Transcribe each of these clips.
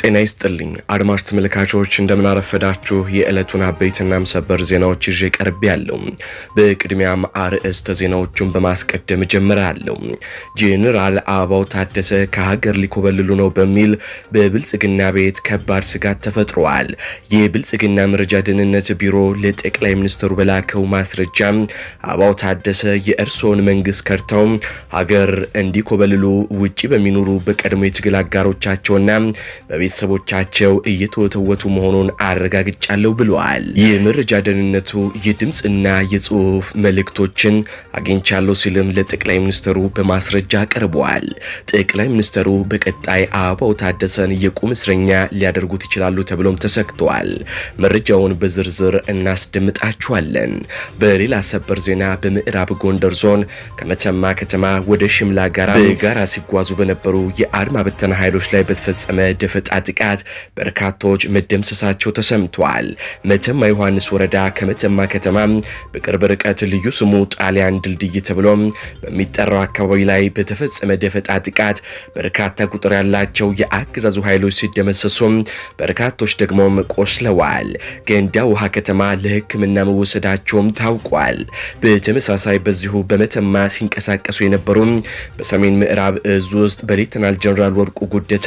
ጤና ይስጥልኝ አድማጭ ተመልካቾች፣ እንደምናረፈዳችሁ የዕለቱን አበይትና ሰበር ዜናዎች ይዤ ቀርብ ያለው። በቅድሚያም አርዕስተ ዜናዎቹን በማስቀደም እጀምራለሁ። ጄኔራል አበባው ታደሰ ከሀገር ሊኮበልሉ ነው በሚል በብልጽግና ቤት ከባድ ስጋት ተፈጥሯል። የብልጽግና መረጃ ደህንነት ቢሮ ለጠቅላይ ሚኒስትሩ በላከው ማስረጃ አበባው ታደሰ የእርስዎን መንግስት ከድተው ሀገር እንዲኮበልሉ ውጭ በሚኖሩ በቀድሞ የትግል አጋሮቻቸውና ቤተሰቦቻቸው እየተወተወቱ መሆኑን አረጋግጫለሁ ብለዋል። የመረጃ ደህንነቱ የድምፅና የጽሁፍ መልእክቶችን አግኝቻለሁ ሲልም ለጠቅላይ ሚኒስትሩ በማስረጃ ቀርበዋል። ጠቅላይ ሚኒስትሩ በቀጣይ አበባው ታደሰን የቁም እስረኛ ሊያደርጉት ይችላሉ ተብሎም ተሰግተዋል። መረጃውን በዝርዝር እናስደምጣችኋለን። በሌላ ሰበር ዜና በምዕራብ ጎንደር ዞን ከመተማ ከተማ ወደ ሽምላ ጋራ በጋራ ሲጓዙ በነበሩ የአድማ በተና ኃይሎች ላይ በተፈጸመ ደፈጣ ጥቃት በርካቶች መደምሰሳቸው ተሰምቷል። መተማ ዮሐንስ ወረዳ ከመተማ ከተማ በቅርብ ርቀት ልዩ ስሙ ጣሊያን ድልድይ ተብሎ በሚጠራው አካባቢ ላይ በተፈጸመ ደፈጣ ጥቃት በርካታ ቁጥር ያላቸው የአገዛዙ ኃይሎች ሲደመሰሱ፣ በርካቶች ደግሞ ቆስለዋል። ገንዳ ውሃ ከተማ ለሕክምና መወሰዳቸውም ታውቋል። በተመሳሳይ በዚሁ በመተማ ሲንቀሳቀሱ የነበሩ በሰሜን ምዕራብ እዝ ውስጥ በሌተናል ጀነራል ወርቁ ጉደታ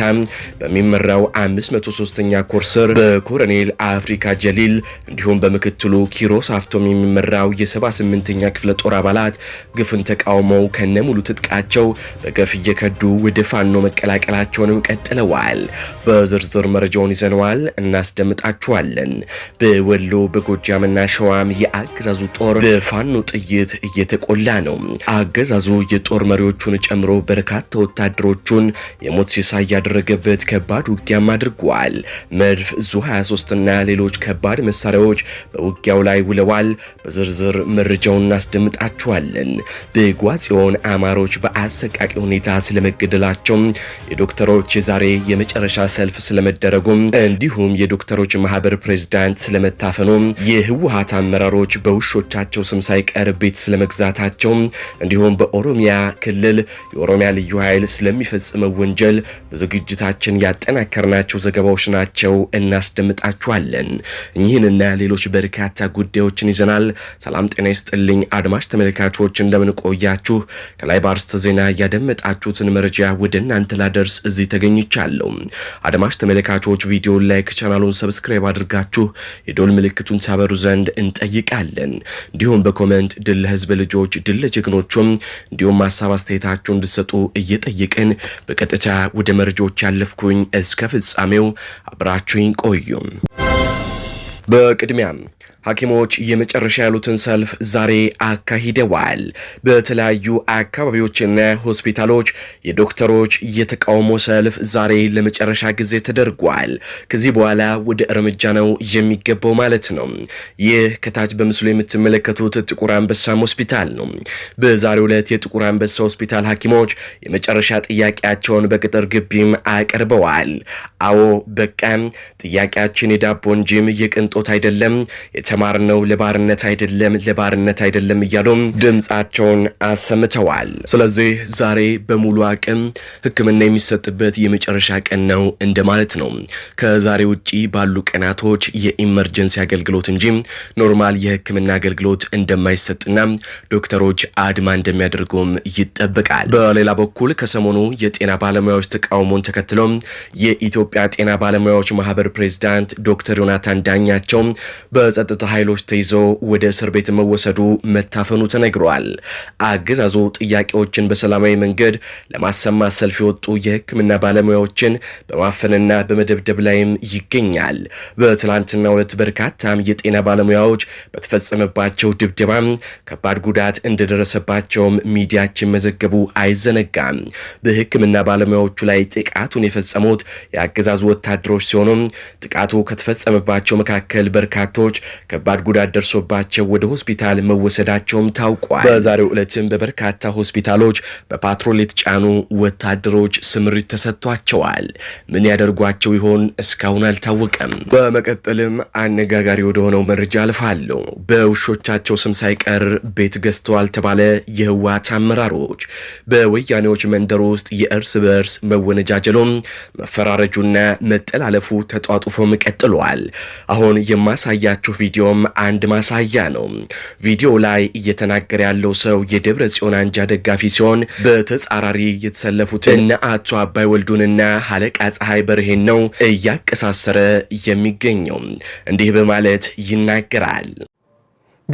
በሚመራው በአንደኛው 503ኛ ኮር ስር በኮሎኔል አፍሪካ ጀሊል እንዲሁም በምክትሉ ኪሮስ አፍቶም የሚመራው የ78ኛ ክፍለ ጦር አባላት ግፍን ተቃውመው ከነሙሉ ትጥቃቸው በገፍ እየከዱ ወደ ፋኖ መቀላቀላቸውንም ቀጥለዋል። በዝርዝር መረጃውን ይዘነዋል፣ እናስደምጣችኋለን። በወሎ በጎጃምና ሸዋም የአገዛዙ ጦር በፋኖ ጥይት እየተቆላ ነው። አገዛዙ የጦር መሪዎቹን ጨምሮ በርካታ ወታደሮቹን የሞት ሲሳይ ያደረገበት ከባድ ውጊያ ውጊያም አድርጓል። መድፍ፣ ዙ 23 እና ሌሎች ከባድ መሳሪያዎች በውጊያው ላይ ውለዋል። በዝርዝር መረጃውን እናስደምጣችኋለን። በጓጽዮን አማሮች በአሰቃቂ ሁኔታ ስለመገደላቸው፣ የዶክተሮች የዛሬ የመጨረሻ ሰልፍ ስለመደረጉም፣ እንዲሁም የዶክተሮች ማህበር ፕሬዝዳንት ስለመታፈኑ፣ የህወሀት አመራሮች በውሾቻቸው ስም ሳይቀር ቤት ስለመግዛታቸው፣ እንዲሁም በኦሮሚያ ክልል የኦሮሚያ ልዩ ኃይል ስለሚፈጽመው ወንጀል በዝግጅታችን ያጠናከር ናቸው ዘገባዎች ናቸው። እናስደምጣችኋለን። እኚህንና ሌሎች በርካታ ጉዳዮችን ይዘናል። ሰላም ጤና ይስጥልኝ አድማጭ ተመልካቾች፣ እንደምንቆያችሁ ከላይ በአርዕስተ ዜና ያደመጣችሁትን መረጃ ወደ እናንተ ላደርስ እዚህ ተገኝቻለሁ። አድማጭ ተመልካቾች ቪዲዮን ላይክ፣ ቻናሉን ሰብስክራይብ አድርጋችሁ የዶል ምልክቱን ታበሩ ዘንድ እንጠይቃለን። እንዲሁም በኮመንት ድል ለህዝብ ልጆች፣ ድል ለጀግኖቹም እንዲሁም ሀሳብ አስተያየታችሁ እንድሰጡ እየጠየቅን በቀጥታ ወደ መረጃዎች ያለፍኩኝ እስከ ፍጻሜው አብራችሁኝ ቆዩ። በቅድሚያ ሐኪሞች የመጨረሻ ያሉትን ሰልፍ ዛሬ አካሂደዋል። በተለያዩ አካባቢዎችና ሆስፒታሎች የዶክተሮች የተቃውሞ ሰልፍ ዛሬ ለመጨረሻ ጊዜ ተደርጓል። ከዚህ በኋላ ወደ እርምጃ ነው የሚገባው ማለት ነው። ይህ ከታች በምስሉ የምትመለከቱት ጥቁር አንበሳም ሆስፒታል ነው። በዛሬው ዕለት የጥቁር አንበሳ ሆስፒታል ሐኪሞች የመጨረሻ ጥያቄያቸውን በቅጥር ግቢም አቅርበዋል። አዎ በቃ ጥያቄያችን የዳቦ እንጂም የቅንጦት አይደለም የተማርነው ለባርነት አይደለም ለባርነት አይደለም እያሉም ድምፃቸውን አሰምተዋል። ስለዚህ ዛሬ በሙሉ አቅም ሕክምና የሚሰጥበት የመጨረሻ ቀን ነው እንደማለት ነው። ከዛሬ ውጪ ባሉ ቀናቶች የኢመርጀንሲ አገልግሎት እንጂ ኖርማል የሕክምና አገልግሎት እንደማይሰጥና ዶክተሮች አድማ እንደሚያደርጉም ይጠበቃል። በሌላ በኩል ከሰሞኑ የጤና ባለሙያዎች ተቃውሞን ተከትሎ የኢትዮጵያ ጤና ባለሙያዎች ማህበር ፕሬዚዳንት ዶክተር ዮናታን ዳኛቸው በጸጥታ ኃይሎች ተይዘው ወደ እስር ቤት መወሰዱ መታፈኑ ተነግሯል። አገዛዙ ጥያቄዎችን በሰላማዊ መንገድ ለማሰማት ሰልፍ የወጡ የሕክምና ባለሙያዎችን በማፈንና በመደብደብ ላይም ይገኛል። በትላንትና ሁለት በርካታም የጤና ባለሙያዎች በተፈጸመባቸው ድብደባም ከባድ ጉዳት እንደደረሰባቸውም ሚዲያችን መዘገቡ አይዘነጋም። በሕክምና ባለሙያዎቹ ላይ ጥቃቱን የፈጸሙት የአገዛዙ ወታደሮች ሲሆኑም ጥቃቱ ከተፈጸመባቸው መካከል በርካቶች ከባድ ጉዳት ደርሶባቸው ወደ ሆስፒታል መወሰዳቸውም ታውቋል። በዛሬው ዕለትም በበርካታ ሆስፒታሎች በፓትሮል የተጫኑ ወታደሮች ስምሪት ተሰጥቷቸዋል። ምን ያደርጓቸው ይሆን እስካሁን አልታወቀም። በመቀጠልም አነጋጋሪ ወደሆነው መረጃ አልፋለሁ። በውሾቻቸው ስም ሳይቀር ቤት ገዝተዋል ተባለ። የህወሓት አመራሮች በወያኔዎች መንደር ውስጥ የእርስ በእርስ መወነጃጀሎም መፈራረጁና መጠላለፉ ተጧጡፎም ቀጥሏል። አሁን የማሳያቸው ቪዲዮ ቪዲዮም አንድ ማሳያ ነው። ቪዲዮ ላይ እየተናገረ ያለው ሰው የደብረ ጽዮን አንጃ ደጋፊ ሲሆን በተጻራሪ የተሰለፉትን እነ አቶ አባይ ወልዱንና ሀለቃ ፀሐይ በርሄን ነው እያቀሳሰረ የሚገኘው። እንዲህ በማለት ይናገራል።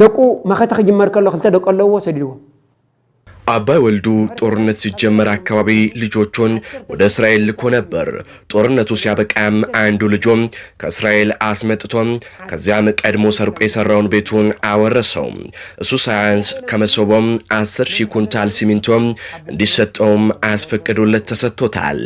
ደቁ መኸታ ክጅመር ከሎ ክልተ ደቀ ኣለዎ ሰዲድዎም አባይ ወልዱ ጦርነት ሲጀመር አካባቢ ልጆቹን ወደ እስራኤል ልኮ ነበር። ጦርነቱ ሲያበቃም አንዱ ልጆም ከእስራኤል አስመጥቶም ከዚያም ቀድሞ ሰርቆ የሰራውን ቤቱን አወረሰው። እሱ ሳያንስ ከመሶቦም አስር ሺህ ኩንታል ሲሚንቶም እንዲሰጠውም አስፈቅዶለት ተሰጥቶታል።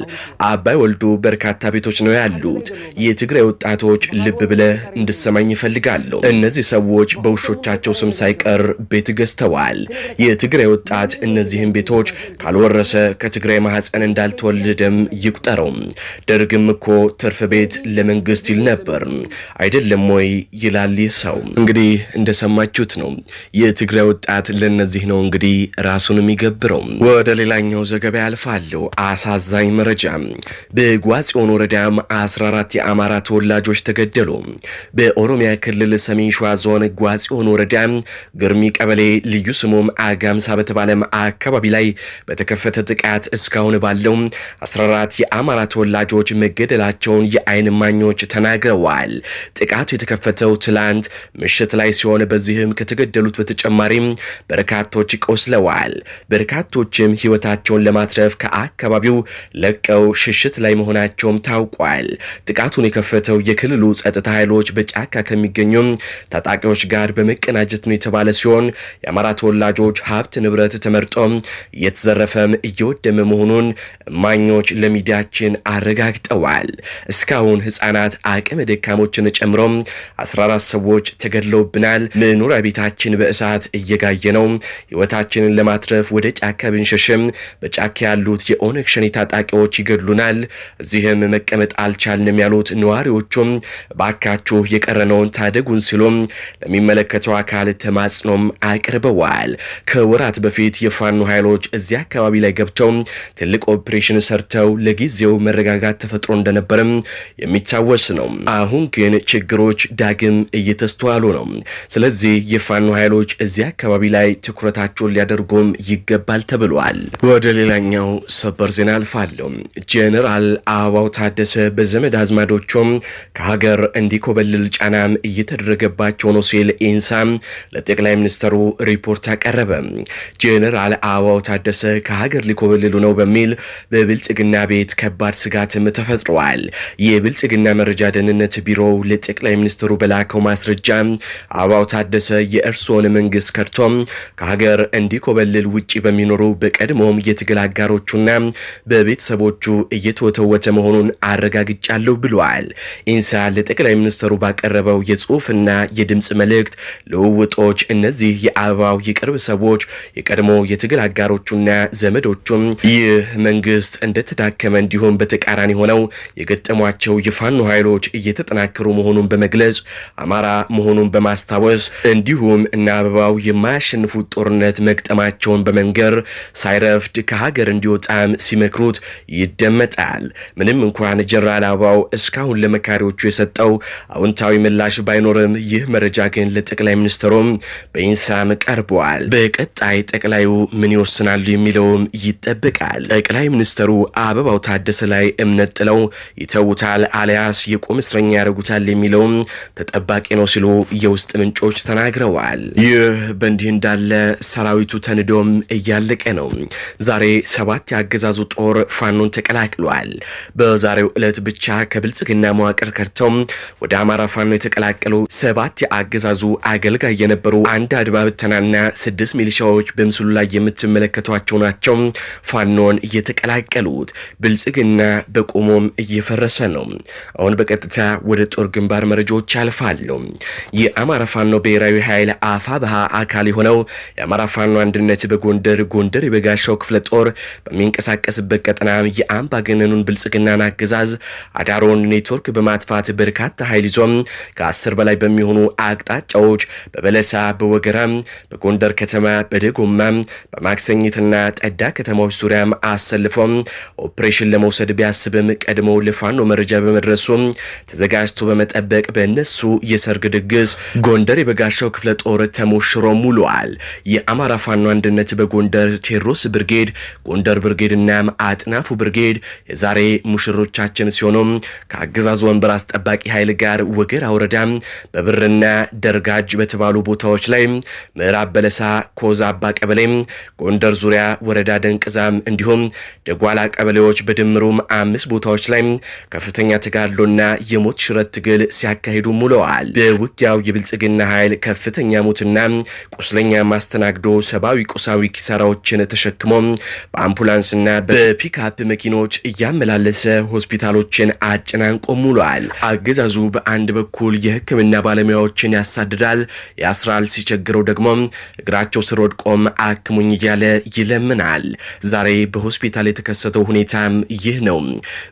አባይ ወልዱ በርካታ ቤቶች ነው ያሉት። የትግራይ ወጣቶች ልብ ብለህ እንድሰማኝ ይፈልጋሉ። እነዚህ ሰዎች በውሾቻቸው ስም ሳይቀር ቤት ገዝተዋል። የትግራይ ወጣት እነዚህን ቤቶች ካልወረሰ ከትግራይ ማህፀን እንዳልተወለደም ይቁጠረው። ደርግም እኮ ትርፍ ቤት ለመንግስት ይል ነበር አይደለም ወይ? ይላል ሰው። እንግዲህ እንደሰማችሁት ነው። የትግራይ ወጣት ለነዚህ ነው እንግዲህ ራሱን የሚገብረው። ወደ ሌላኛው ዘገባ ያልፋለሁ። አሳዛኝ መረጃ በጓጽዮን ወረዳም 14 የአማራ ተወላጆች ተገደሉ። በኦሮሚያ ክልል ሰሜን ሸዋ ዞን ጓጽዮን ወረዳ ግርሚ ቀበሌ ልዩ ስሙም አጋምሳ በተባለም አካባቢ ላይ በተከፈተ ጥቃት እስካሁን ባለው 14 የአማራ ተወላጆች መገደላቸውን የአይን ማኞች ተናግረዋል። ጥቃቱ የተከፈተው ትላንት ምሽት ላይ ሲሆን በዚህም ከተገደሉት በተጨማሪም በርካቶች ቆስለዋል። በርካቶችም ህይወታቸውን ለማትረፍ ከአካባቢው ለቀው ሽሽት ላይ መሆናቸውም ታውቋል። ጥቃቱን የከፈተው የክልሉ ጸጥታ ኃይሎች በጫካ ከሚገኙ ታጣቂዎች ጋር በመቀናጀት ነው የተባለ ሲሆን የአማራ ተወላጆች ሀብት ንብረት ተመ ተመርጦ እየተዘረፈም እየወደመ መሆኑን እማኞች ለሚዲያችን አረጋግጠዋል። እስካሁን ህጻናት፣ አቅመ ደካሞችን ጨምሮ 14 ሰዎች ተገድለውብናል። መኖሪያ ቤታችን በእሳት እየጋየ ነው። ህይወታችንን ለማትረፍ ወደ ጫካ ብንሸሽም በጫካ ያሉት የኦነግ ሸኔ ታጣቂዎች ይገድሉናል። እዚህም መቀመጥ አልቻልንም ያሉት ነዋሪዎቹም ባካችሁ የቀረነውን ታደጉን ሲሉ ለሚመለከተው አካል ተማጽኖም አቅርበዋል። ከወራት በፊት የ የፋኖ ኃይሎች እዚህ አካባቢ ላይ ገብተው ትልቅ ኦፕሬሽን ሰርተው ለጊዜው መረጋጋት ተፈጥሮ እንደነበርም የሚታወስ ነው። አሁን ግን ችግሮች ዳግም እየተስተዋሉ ነው። ስለዚህ የፋኖ ኃይሎች እዚህ አካባቢ ላይ ትኩረታቸውን ሊያደርጉም ይገባል ተብሏል። ወደ ሌላኛው ሰበር ዜና አልፋለሁ። ጄኔራል አበባው ታደሰ በዘመድ አዝማዶቹም ከሀገር እንዲኮበልል ጫናም እየተደረገባቸው ነው ሲል ኢንሳ ለጠቅላይ ሚኒስትሩ ሪፖርት አቀረበ። ጀነራል አበባው ታደሰ ከሀገር ሊኮበልሉ ነው በሚል በብልጽግና ቤት ከባድ ስጋትም ተፈጥረዋል። የብልጽግና መረጃ ደህንነት ቢሮው ለጠቅላይ ሚኒስትሩ በላከው ማስረጃ አበባው ታደሰ የእርስዎን መንግስት ከድቶም ከሀገር እንዲኮበልል ውጭ በሚኖሩ በቀድሞም የትግል አጋሮቹና በቤተሰቦቹ እየተወተወተ መሆኑን አረጋግጫለሁ ብለዋል። ኢንሳ ለጠቅላይ ሚኒስትሩ ባቀረበው የጽሁፍና የድምፅ መልእክት ልውውጦች እነዚህ የአበባው የቅርብ ሰዎች የቀድሞ የትግል አጋሮቹና ዘመዶቹም ይህ መንግስት እንደተዳከመ እንዲሁም በተቃራኒ ሆነው የገጠሟቸው የፋኖ ኃይሎች እየተጠናከሩ መሆኑን በመግለጽ አማራ መሆኑን በማስታወስ እንዲሁም እነ አበባው የማያሸንፉት ጦርነት መግጠማቸውን በመንገር ሳይረፍድ ከሀገር እንዲወጣም ሲመክሩት ይደመጣል። ምንም እንኳን ጀነራል አበባው እስካሁን ለመካሪዎቹ የሰጠው አዎንታዊ ምላሽ ባይኖርም ይህ መረጃ ግን ለጠቅላይ ሚኒስትሩም በኢንሳም ቀርበዋል። በቀጣይ ጠቅላዩ ምን ይወስናሉ የሚለውም ይጠበቃል። ጠቅላይ ሚኒስትሩ አበባው ታደሰ ላይ እምነት ጥለው ይተውታል አልያስ የቁም እስረኛ ያደርጉታል የሚለውም ተጠባቂ ነው ሲሉ የውስጥ ምንጮች ተናግረዋል። ይህ በእንዲህ እንዳለ ሰራዊቱ ተንዶም እያለቀ ነው። ዛሬ ሰባት የአገዛዙ ጦር ፋኖን ተቀላቅሏል። በዛሬው ዕለት ብቻ ከብልጽግና መዋቅር ከድተው ወደ አማራ ፋኖ የተቀላቀሉ ሰባት የአገዛዙ አገልጋይ የነበሩ አንድ አድማ ብተናና ስድስት ሚሊሻዎች በምስሉ ላይ የምትመለከቷቸው ናቸው ፋኖን እየተቀላቀሉት። ብልጽግና በቁሞም እየፈረሰ ነው። አሁን በቀጥታ ወደ ጦር ግንባር መረጃዎች ያልፋሉ። የአማራ ፋኖ ብሔራዊ ኃይል አፋ በሃ አካል የሆነው የአማራ ፋኖ አንድነት በጎንደር ጎንደር የበጋሻው ክፍለ ጦር በሚንቀሳቀስበት ቀጠና የአምባገነኑን ብልጽግናን አገዛዝ አዳሮን ኔትወርክ በማጥፋት በርካታ ኃይል ይዞም ከአስር በላይ በሚሆኑ አቅጣጫዎች በበለሳ፣ በወገራ በጎንደር ከተማ፣ በደጎማ በማክሰኝትና ጠዳ ከተማዎች ዙሪያም አሰልፎም ኦፕሬሽን ለመውሰድ ቢያስብም ቀድሞ ለፋኖ መረጃ በመድረሱ ተዘጋጅቶ በመጠበቅ በእነሱ የሰርግ ድግስ ጎንደር የበጋሻው ክፍለ ጦር ተሞሽሮ ሙሏል። የአማራ ፋኖ አንድነት በጎንደር ቴዎድሮስ ብርጌድ፣ ጎንደር ብርጌድና አጥናፉ ብርጌድ የዛሬ ሙሽሮቻችን ሲሆኑ ከአገዛዝ ወንበር አስጠባቂ ኃይል ጋር ወገር አውረዳ በብርና ደርጋጅ በተባሉ ቦታዎች ላይ ምዕራብ በለሳ ኮዛ አባ ቀበሌ ጎንደር ዙሪያ ወረዳ ደንቅዛም፣ እንዲሁም ደጓላ ቀበሌዎች በድምሩም አምስት ቦታዎች ላይ ከፍተኛ ተጋድሎና የሞት ሽረት ትግል ሲያካሂዱ ውለዋል። በውጊያው የብልጽግና ኃይል ከፍተኛ ሞትና ቁስለኛ ማስተናግዶ ሰብአዊ ቁሳዊ ኪሳራዎችን ተሸክሞ በአምቡላንስና በፒክአፕ መኪኖች እያመላለሰ ሆስፒታሎችን አጨናንቆም ውሏል። አገዛዙ በአንድ በኩል የሕክምና ባለሙያዎችን ያሳድዳል፣ ያስራል፣ ሲቸግረው ደግሞ እግራቸው ስር ወድቆም አክሞ አሳክሙኝ እያለ ይለምናል። ዛሬ በሆስፒታል የተከሰተው ሁኔታም ይህ ነው።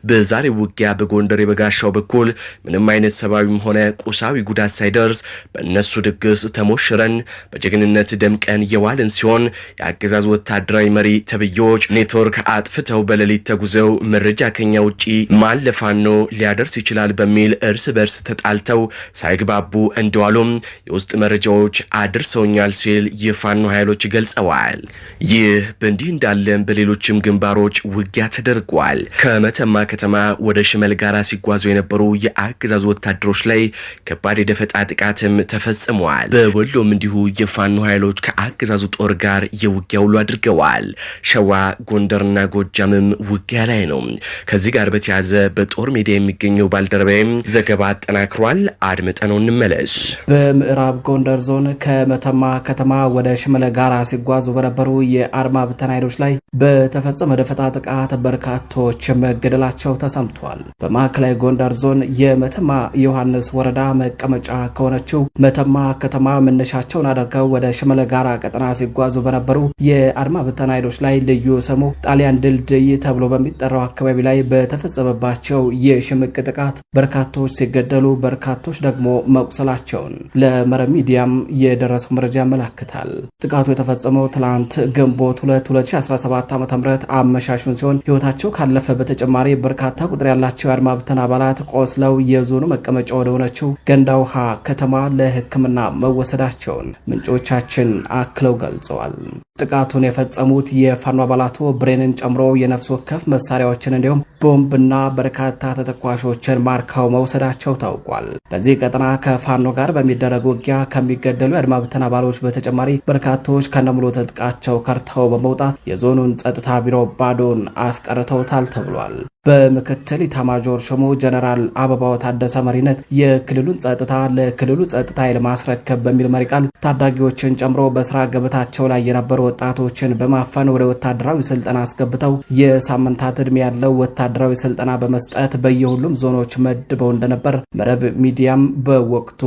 በዛሬው ውጊያ በጎንደር የበጋሻው በኩል ምንም አይነት ሰብአዊም ሆነ ቁሳዊ ጉዳት ሳይደርስ በእነሱ ድግስ ተሞሽረን በጀግንነት ደምቀን የዋልን ሲሆን የአገዛዝ ወታደራዊ መሪ ተብዬዎች ኔትወርክ አጥፍተው በሌሊት ተጉዘው መረጃ ከኛ ውጪ ማን ለፋኖ ሊያደርስ ይችላል በሚል እርስ በርስ ተጣልተው ሳይግባቡ እንደዋሉም የውስጥ መረጃዎች አድርሰውኛል ሲል የፋኖ ኃይሎች ገልጸዋል። ተደርጓል። ይህ በእንዲህ እንዳለም በሌሎችም ግንባሮች ውጊያ ተደርጓል። ከመተማ ከተማ ወደ ሽመል ጋራ ሲጓዙ የነበሩ የአገዛዙ ወታደሮች ላይ ከባድ የደፈጣ ጥቃትም ተፈጽመዋል። በወሎም እንዲሁ የፋኖ ኃይሎች ከአገዛዙ ጦር ጋር የውጊያ ውሎ አድርገዋል። ሸዋ፣ ጎንደርና ጎጃምም ውጊያ ላይ ነው። ከዚህ ጋር በተያዘ በጦር ሜዳ የሚገኘው ባልደረባይም ዘገባ አጠናክሯል። አድምጠነው እንመለስ። በምዕራብ ጎንደር ዞን ከመተማ ከተማ ወደ ሽመለ ጋራ ሲጓዙ በነበሩ የአድማ ብተና ኃይሎች ላይ በተፈጸመ ደፈጣ ጥቃት በርካቶች መገደላቸው ተሰምቷል። በማዕከላዊ ጎንደር ዞን የመተማ ዮሐንስ ወረዳ መቀመጫ ከሆነችው መተማ ከተማ መነሻቸውን አድርገው ወደ ሽመለ ጋራ ቀጠና ሲጓዙ በነበሩ የአድማ ብተና ኃይሎች ላይ ልዩ ስሙ ጣሊያን ድልድይ ተብሎ በሚጠራው አካባቢ ላይ በተፈጸመባቸው የሽምቅ ጥቃት በርካቶች ሲገደሉ በርካቶች ደግሞ መቁሰላቸውን ለመረብ ሚዲያም የደረሰው መረጃ ያመላክታል። ጥቃቱ የተፈጸመው ትላ ትናንት ግንቦት 2 2017 ዓ ም አመሻሹን ሲሆን ህይወታቸው ካለፈ በተጨማሪ በርካታ ቁጥር ያላቸው የአድማ ብተን አባላት ቆስለው የዞኑ መቀመጫ ወደ ሆነችው ገንዳ ውሃ ከተማ ለህክምና መወሰዳቸውን ምንጮቻችን አክለው ገልጸዋል። ጥቃቱን የፈጸሙት የፋኖ አባላቱ ብሬንን ጨምሮ የነፍስ ወከፍ መሳሪያዎችን እንዲሁም ቦምብና በርካታ ተተኳሾችን ማርከው መውሰዳቸው ታውቋል። በዚህ ቀጠና ከፋኖ ጋር በሚደረግ ውጊያ ከሚገደሉ የአድማ ብተና አባሎች በተጨማሪ በርካቶች ከነሙሉ ትጥቃቸው ከርተው በመውጣት የዞኑን ጸጥታ ቢሮ ባዶን አስቀርተውታል ተብሏል። በምክትል ኢታማዦር ሹሙ ጀነራል አበባው ታደሰ መሪነት የክልሉን ጸጥታ ለክልሉ ጸጥታ ኃይል ማስረከብ በሚል መሪ ቃል ታዳጊዎችን ጨምሮ በስራ ገበታቸው ላይ የነበሩ ወጣቶችን በማፈን ወደ ወታደራዊ ስልጠና አስገብተው የሳምንታት እድሜ ያለው ወታደራዊ ስልጠና በመስጠት በየሁሉም ዞኖች መድበው እንደነበር መረብ ሚዲያም በወቅቱ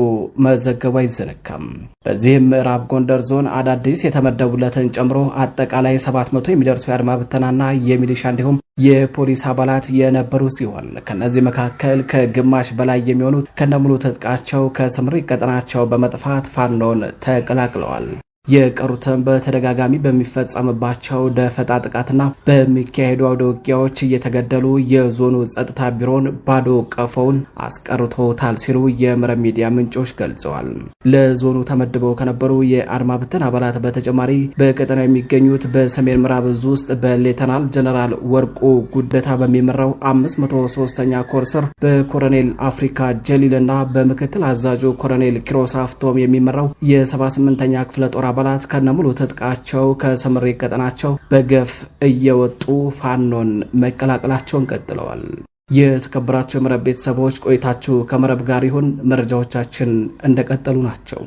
መዘገቡ አይዘነጋም። በዚህም ምዕራብ ጎንደር ዞን አዳዲስ የተመደቡለትን ጨምሮ አጠቃላይ 700 የሚደርሱ የአድማ ብተናና የሚሊሻ እንዲሁም የፖሊስ አባላት የነበሩ ሲሆን ከነዚህ መካከል ከግማሽ በላይ የሚሆኑት ከነሙሉ ትጥቃቸው ከስምሪ ቀጠናቸው በመጥፋት ፋኖን ተቀላቅለዋል። የቀሩትም በተደጋጋሚ በሚፈጸምባቸው ደፈጣ ጥቃትና በሚካሄዱ አውደ ውጊያዎች እየተገደሉ የዞኑ ጸጥታ ቢሮን ባዶ ቀፈውን አስቀርቶታል ሲሉ የመረብ ሚዲያ ምንጮች ገልጸዋል። ለዞኑ ተመድበው ከነበሩ የአድማ ብተን አባላት በተጨማሪ በቀጠና የሚገኙት በሰሜን ምዕራብ እዝ ውስጥ በሌተናል ጀነራል ወርቁ ጉደታ በሚመራው 53 ኛ ኮርሰር ስር በኮሎኔል አፍሪካ ጀሊል በምክትል አዛዡ ኮሎኔል ኪሮስ አፍቶም የሚመራው የ78ኛ ክፍለ ጦር አባላት ከነሙሉ ትጥቃቸው ከስምሪ ቀጠናቸው በገፍ እየወጡ ፋኖን መቀላቀላቸውን ቀጥለዋል። የተከበራቸው የመረብ ቤተሰቦች ቆይታችሁ ከመረብ ጋር ይሁን። መረጃዎቻችን እንደቀጠሉ ናቸው።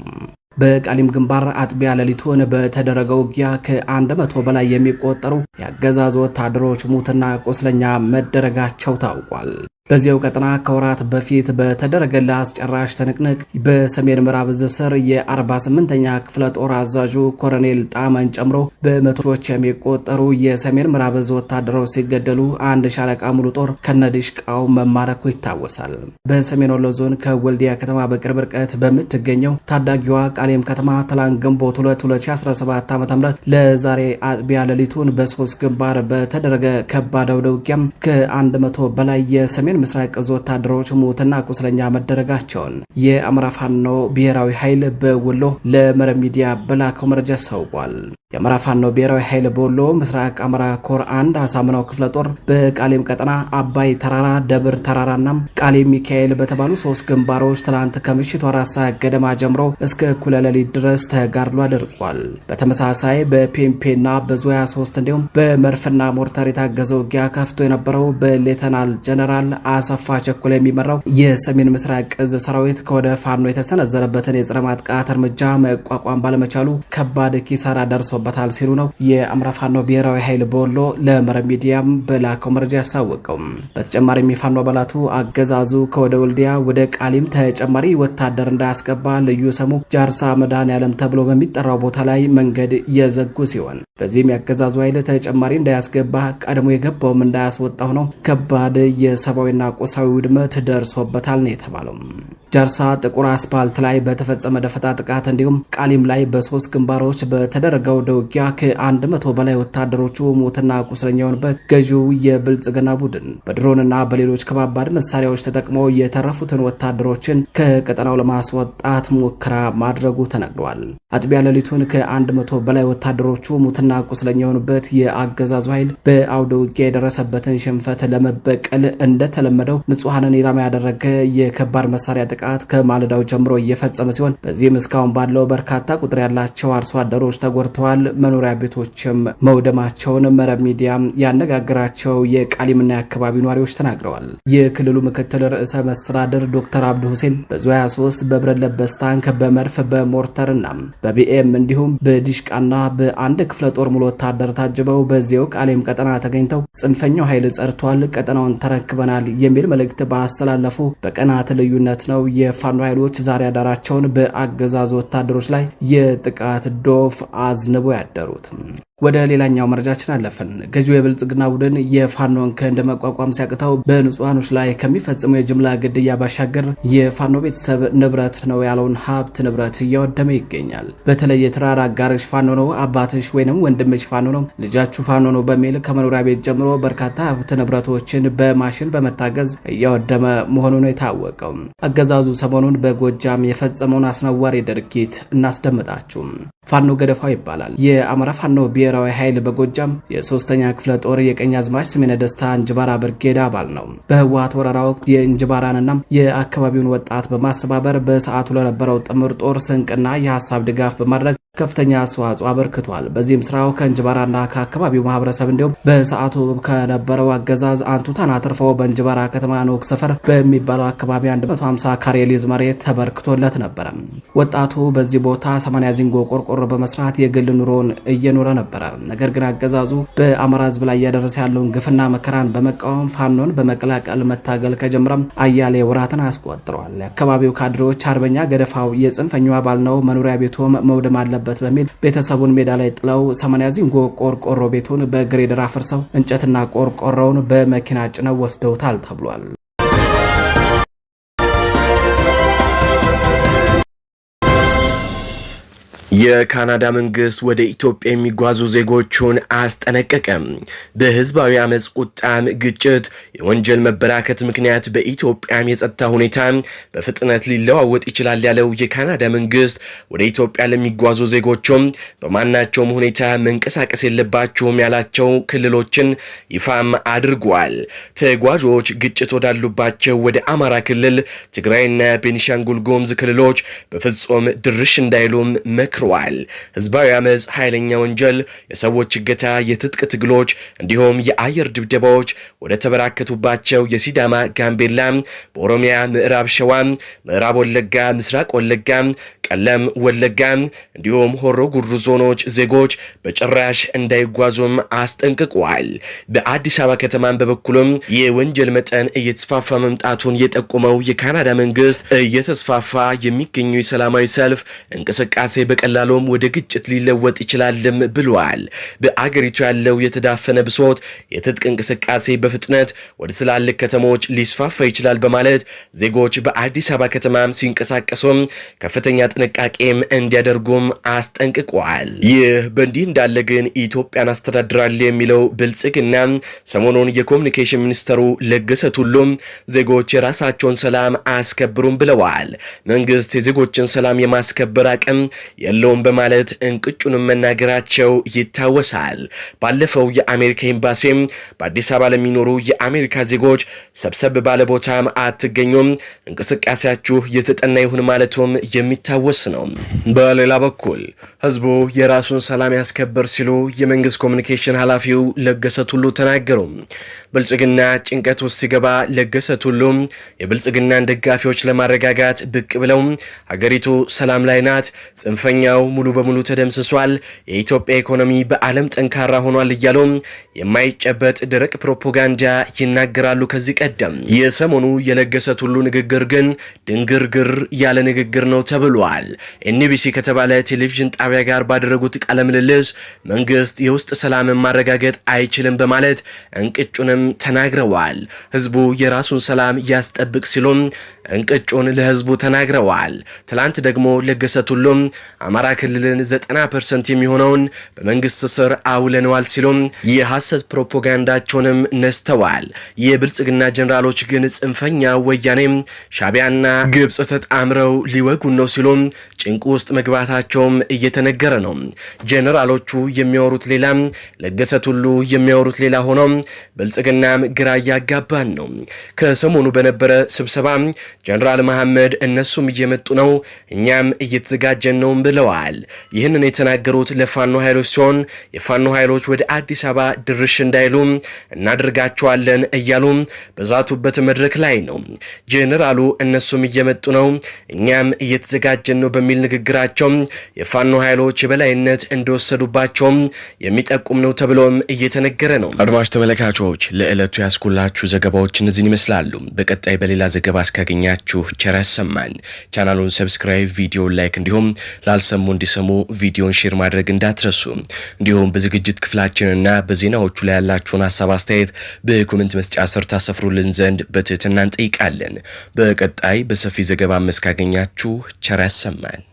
በቃሊም ግንባር አጥቢያ ሌሊቱን በተደረገው ውጊያ ከአንድ መቶ በላይ የሚቆጠሩ የአገዛዙ ወታደሮች ሙትና ቁስለኛ መደረጋቸው ታውቋል። በዚያው ቀጠና ከወራት በፊት በተደረገላ አስጨራሽ ትንቅንቅ በሰሜን ምዕራብ እዝ ስር የ48ኛ ክፍለ ጦር አዛዡ ኮሎኔል ጣመን ጨምሮ በመቶዎች የሚቆጠሩ የሰሜን ምዕራብ እዝ ወታደሮች ሲገደሉ አንድ ሻለቃ ሙሉ ጦር ከነዲሽቃው መማረኩ ይታወሳል። በሰሜን ወሎ ዞን ከወልዲያ ከተማ በቅርብ ርቀት በምትገኘው ታዳጊዋ ቃሌም ከተማ ትላንት ግንቦት 2 2017 ዓ ም ለዛሬ አጥቢያ ሌሊቱን በሶስት ግንባር በተደረገ ከባድ አውደ ውጊያም ከ100 በላይ የሰሜን ምስራቅ እዝ ወታደሮች ሞትና ቁስለኛ መደረጋቸውን የአማራ ፋኖ ብሔራዊ ኃይል በወሎ ለመረብ ሚዲያ በላከው መረጃ አስታውቋል። የአማራ ፋኖ ብሔራዊ ኃይል በወሎ ምስራቅ አማራ ኮር አንድ አሳምናው ክፍለ ጦር በቃሌም ቀጠና አባይ ተራራ፣ ደብር ተራራና ቃሌ ሚካኤል በተባሉ ሶስት ግንባሮች ትላንት ከምሽቱ አራት ሰዓት ገደማ ጀምሮ እስከ እኩለ ሌሊት ድረስ ተጋድሎ አድርጓል። በተመሳሳይ በፔምፔና በዙያ ሶስት እንዲሁም በመርፍና ሞርተር የታገዘ ውጊያ ከፍቶ የነበረው በሌተናል ጀነራል አሰፋ ቸኮል የሚመራው የሰሜን ምስራቅ እዝ ሰራዊት ከወደ ፋኖ የተሰነዘረበትን የጸረ ማጥቃት እርምጃ መቋቋም ባለመቻሉ ከባድ ኪሳራ ደርሶበታል ሲሉ ነው የአምራ ፋኖ ብሔራዊ ኃይል በወሎ ለመረብ ሚዲያም በላከው መረጃ ያሳወቀው። በተጨማሪም የፋኖ አባላቱ አገዛዙ ከወደ ወልዲያ ወደ ቃሊም ተጨማሪ ወታደር እንዳያስገባ ልዩ ስሙ ጃርሳ ያለም ተብሎ በሚጠራው ቦታ ላይ መንገድ የዘጉ ሲሆን በዚህም የአገዛዙ ኃይል ተጨማሪ እንዳያስገባ ቀድሞ የገባውም እንዳያስወጣው ነው ከባድ የሰብአዊ ሰብአዊና ቁሳዊ ውድመት ደርሶበታል ነው የተባለው። ጃርሳ ጥቁር አስፓልት ላይ በተፈጸመ ደፈጣ ጥቃት እንዲሁም ቃሊም ላይ በሶስት ግንባሮች በተደረገው ደውጊያ ከአንድ መቶ በላይ ወታደሮቹ ሞትና ቁስለኛ የሆኑበት ገዢው የብልጽግና ቡድን በድሮንና በሌሎች ከባባድ መሳሪያዎች ተጠቅሞ የተረፉትን ወታደሮችን ከቀጠናው ለማስወጣት ሙከራ ማድረጉ ተነግሯል። አጥቢያ ሌሊቱን ከአንድ መቶ በላይ ወታደሮቹ ሙትና ቁስለኛ የሆኑበት የአገዛዙ ኃይል በአውደ ውጊያ የደረሰበትን ሽንፈት ለመበቀል እንደተ እንደተለመደው ንጹሐንን ኢላማ ያደረገ የከባድ መሳሪያ ጥቃት ከማለዳው ጀምሮ እየፈጸመ ሲሆን በዚህም እስካሁን ባለው በርካታ ቁጥር ያላቸው አርሶ አደሮች ተጎድተዋል። መኖሪያ ቤቶችም መውደማቸውን መረብ ሚዲያም ያነጋግራቸው የቃሊምና የአካባቢ ነዋሪዎች ተናግረዋል። የክልሉ ምክትል ርዕሰ መስተዳድር ዶክተር አብዱ ሁሴን በዙ 23 በብረት ለበስ ታንክ፣ በመድፍ፣ በሞርተርና በቢኤም እንዲሁም በዲሽቃና በአንድ ክፍለ ጦር ሙሉ ወታደር ታጅበው በዚያው ቃሊም ቀጠና ተገኝተው ጽንፈኛው ኃይል ጸርቷል፣ ቀጠናውን ተረክበናል የሚል መልእክት ባስተላለፉ በቀናት ልዩነት ነው የፋኖ ኃይሎች ዛሬ አዳራቸውን በአገዛዙ ወታደሮች ላይ የጥቃት ዶፍ አዝንቦ ያደሩት። ወደ ሌላኛው መረጃችን አለፍን። ገዢው የብልጽግና ቡድን የፋኖን ክንድ መቋቋም ሲያቅተው በንጹሐኖች ላይ ከሚፈጽሙ የጅምላ ግድያ ባሻገር የፋኖ ቤተሰብ ንብረት ነው ያለውን ሀብት ንብረት እያወደመ ይገኛል። በተለይ የተራራ አጋርሽ ፋኖ ነው፣ አባትሽ ወይንም ወንድምሽ ፋኖ ነው፣ ልጃችሁ ፋኖ ነው በሚል ከመኖሪያ ቤት ጀምሮ በርካታ ሀብት ንብረቶችን በማሽን በመታገዝ እያወደመ መሆኑ ነው የታወቀው። አገዛዙ ሰሞኑን በጎጃም የፈጸመውን አስነዋሪ ድርጊት እናስደምጣችሁ። ፋኖ ገደፋው ይባላል። የአማራ ፋኖ ብሔራዊ ኃይል በጎጃም የሶስተኛ ክፍለ ጦር የቀኝ አዝማች ስሜነ ደስታ እንጅባራ ብርጌድ አባል ነው። በህወሀት ወረራ ወቅት የእንጅባራንና የአካባቢውን ወጣት በማስተባበር በሰዓቱ ለነበረው ጥምር ጦር ስንቅና የሀሳብ ድጋፍ በማድረግ ከፍተኛ አስተዋጽኦ አበርክቷል። በዚህም ስራው ከእንጅባራና ከአካባቢው ማህበረሰብ እንዲሁም በሰዓቱ ከነበረው አገዛዝ አንቱታን አትርፎ በእንጅባራ ከተማ ኖክ ሰፈር በሚባለው አካባቢ 150 ካሬ ሊዝ መሬት ተበርክቶለት ነበረ። ወጣቱ በዚህ ቦታ 80 ዚንጎ ቆርቆሮ ተቆርቆሮ በመስራት የግል ኑሮውን እየኖረ ነበረ። ነገር ግን አገዛዙ በአማራ ህዝብ ላይ እያደረሰ ያለውን ግፍና መከራን በመቃወም ፋኖን በመቀላቀል መታገል ከጀምረም አያሌ ወራትን አስቆጥሯል። የአካባቢው ካድሬዎች አርበኛ ገደፋው የጽንፈኛው አባል ነው፣ መኖሪያ ቤቱም መውደም አለበት በሚል ቤተሰቡን ሜዳ ላይ ጥለው ሰማንያ ዚንጎ ቆርቆሮ ቤቱን በግሬደር አፍርሰው እንጨትና ቆርቆሮውን በመኪና ጭነው ወስደውታል ተብሏል። የካናዳ መንግስት ወደ ኢትዮጵያ የሚጓዙ ዜጎቹን አስጠነቀቀም። በህዝባዊ አመፅ፣ ቁጣም፣ ግጭት፣ የወንጀል መበራከት ምክንያት በኢትዮጵያም የጸጥታ ሁኔታ በፍጥነት ሊለዋወጥ ይችላል ያለው የካናዳ መንግስት ወደ ኢትዮጵያ ለሚጓዙ ዜጎቹም በማናቸውም ሁኔታ መንቀሳቀስ የለባቸውም ያላቸው ክልሎችን ይፋም አድርጓል። ተጓዦች ግጭት ወዳሉባቸው ወደ አማራ ክልል፣ ትግራይና ቤኒሻንጉል ጉሙዝ ክልሎች በፍጹም ድርሽ እንዳይሉም መክ መክረዋል። ህዝባዊ አመፅ፣ ኃይለኛ ወንጀል፣ የሰዎች እገታ፣ የትጥቅ ትግሎች እንዲሁም የአየር ድብደባዎች ወደ ተበራከቱባቸው የሲዳማ፣ ጋምቤላ፣ በኦሮሚያ፣ ምዕራብ ሸዋ፣ ምዕራብ ወለጋ፣ ምስራቅ ወለጋ፣ ቀለም ወለጋ እንዲሁም ሆሮ ጉሩ ዞኖች ዜጎች በጭራሽ እንዳይጓዙም አስጠንቅቋል። በአዲስ አበባ ከተማን በበኩሉም የወንጀል መጠን እየተስፋፋ መምጣቱን የጠቆመው የካናዳ መንግስት እየተስፋፋ የሚገኘው የሰላማዊ ሰልፍ እንቅስቃሴ በቀ በቀላሉም ወደ ግጭት ሊለወጥ ይችላልም ብለዋል። በአገሪቱ ያለው የተዳፈነ ብሶት የትጥቅ እንቅስቃሴ በፍጥነት ወደ ትላልቅ ከተሞች ሊስፋፋ ይችላል በማለት ዜጎች በአዲስ አበባ ከተማም ሲንቀሳቀሱም ከፍተኛ ጥንቃቄም እንዲያደርጉም አስጠንቅቋል። ይህ በእንዲህ እንዳለ ግን ኢትዮጵያን አስተዳድራል የሚለው ብልጽግና ሰሞኑን የኮሚኒኬሽን ሚኒስተሩ ለገሰ ቱሉም ዜጎች የራሳቸውን ሰላም አያስከብሩም ብለዋል። መንግስት የዜጎችን ሰላም የማስከበር አቅም አለውም በማለት እንቅጩንም መናገራቸው ይታወሳል። ባለፈው የአሜሪካ ኤምባሲም በአዲስ አበባ ለሚኖሩ የአሜሪካ ዜጎች ሰብሰብ ባለ ቦታም አትገኙም፣ እንቅስቃሴያችሁ የተጠና ይሁን ማለቱም የሚታወስ ነው። በሌላ በኩል ህዝቡ የራሱን ሰላም ያስከበር ሲሉ የመንግስት ኮሚኒኬሽን ኃላፊው ለገሰ ቱሉ ተናገሩ። ብልጽግና ጭንቀት ውስጥ ሲገባ ለገሰ ቱሉ የብልጽግናን ደጋፊዎች ለማረጋጋት ብቅ ብለው ሀገሪቱ ሰላም ላይ ናት፣ ጽንፈኛ ኢኮኖሚያው ሙሉ በሙሉ ተደምስሷል፣ የኢትዮጵያ ኢኮኖሚ በዓለም ጠንካራ ሆኗል እያሉ የማይጨበጥ ደረቅ ፕሮፓጋንዳ ይናገራሉ። ከዚህ ቀደም የሰሞኑ የለገሰት ሁሉ ንግግር ግን ድንግርግር ያለ ንግግር ነው ተብሏል። ኤንቢሲ ከተባለ ቴሌቪዥን ጣቢያ ጋር ባደረጉት ቃለ ምልልስ መንግስት የውስጥ ሰላምን ማረጋገጥ አይችልም በማለት እንቅጩንም ተናግረዋል። ህዝቡ የራሱን ሰላም ያስጠብቅ ሲሉም እንቅጩን ለህዝቡ ተናግረዋል። ትላንት ደግሞ ለገሰት ሁሉም የአማራ ክልልን 90 ፐርሰንት የሚሆነውን በመንግስት ስር አውለነዋል ሲሉም የሐሰት ፕሮፓጋንዳቸውንም ነስተዋል። የብልጽግና ጀኔራሎች ግን ጽንፈኛ ወያኔም ሻቢያና ግብጽ ተጣምረው ሊወጉን ነው ሲሉም ጭንቁ ውስጥ መግባታቸውም እየተነገረ ነው። ጀኔራሎቹ የሚያወሩት ሌላ፣ ለገሰት ሁሉ የሚያወሩት ሌላ ሆኖ ብልጽግናም ግራ እያጋባን ነው። ከሰሞኑ በነበረ ስብሰባ ጀኔራል መሐመድ እነሱም እየመጡ ነው፣ እኛም እየተዘጋጀን ነው ብለዋል። ብለዋል። ይህንን የተናገሩት ለፋኖ ኃይሎች ሲሆን የፋኖ ኃይሎች ወደ አዲስ አበባ ድርሽ እንዳይሉም እናደርጋቸዋለን እያሉ በዛቱበት መድረክ ላይ ነው። ጄኔራሉ እነሱም እየመጡ ነው፣ እኛም እየተዘጋጀን ነው በሚል ንግግራቸው የፋኖ ኃይሎች የበላይነት እንደወሰዱባቸውም የሚጠቁም ነው ተብሎም እየተነገረ ነው። አድማጭ ተመልካቾች ለዕለቱ ያስኩላችሁ ዘገባዎች እነዚህን ይመስላሉ። በቀጣይ በሌላ ዘገባ እስካገኛችሁ ቸር ያሰማን። ቻናሉን ሰብስክራይብ፣ ቪዲዮን ላይክ እንዲሁም ላልሰሙ ያልሰሙ እንዲሰሙ ቪዲዮን ሼር ማድረግ እንዳትረሱ። እንዲሁም በዝግጅት ክፍላችንና በዜናዎቹ ላይ ያላችሁን ሀሳብ አስተያየት በኮመንት መስጫ ስር ታሰፍሩልን ዘንድ በትህትና እንጠይቃለን። በቀጣይ በሰፊ ዘገባ መስካገኛችሁ ቸር ያሰማን።